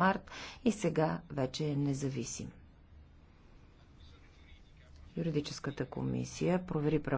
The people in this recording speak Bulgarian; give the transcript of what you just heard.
март и сега вече е независим. Юридическата комисия провери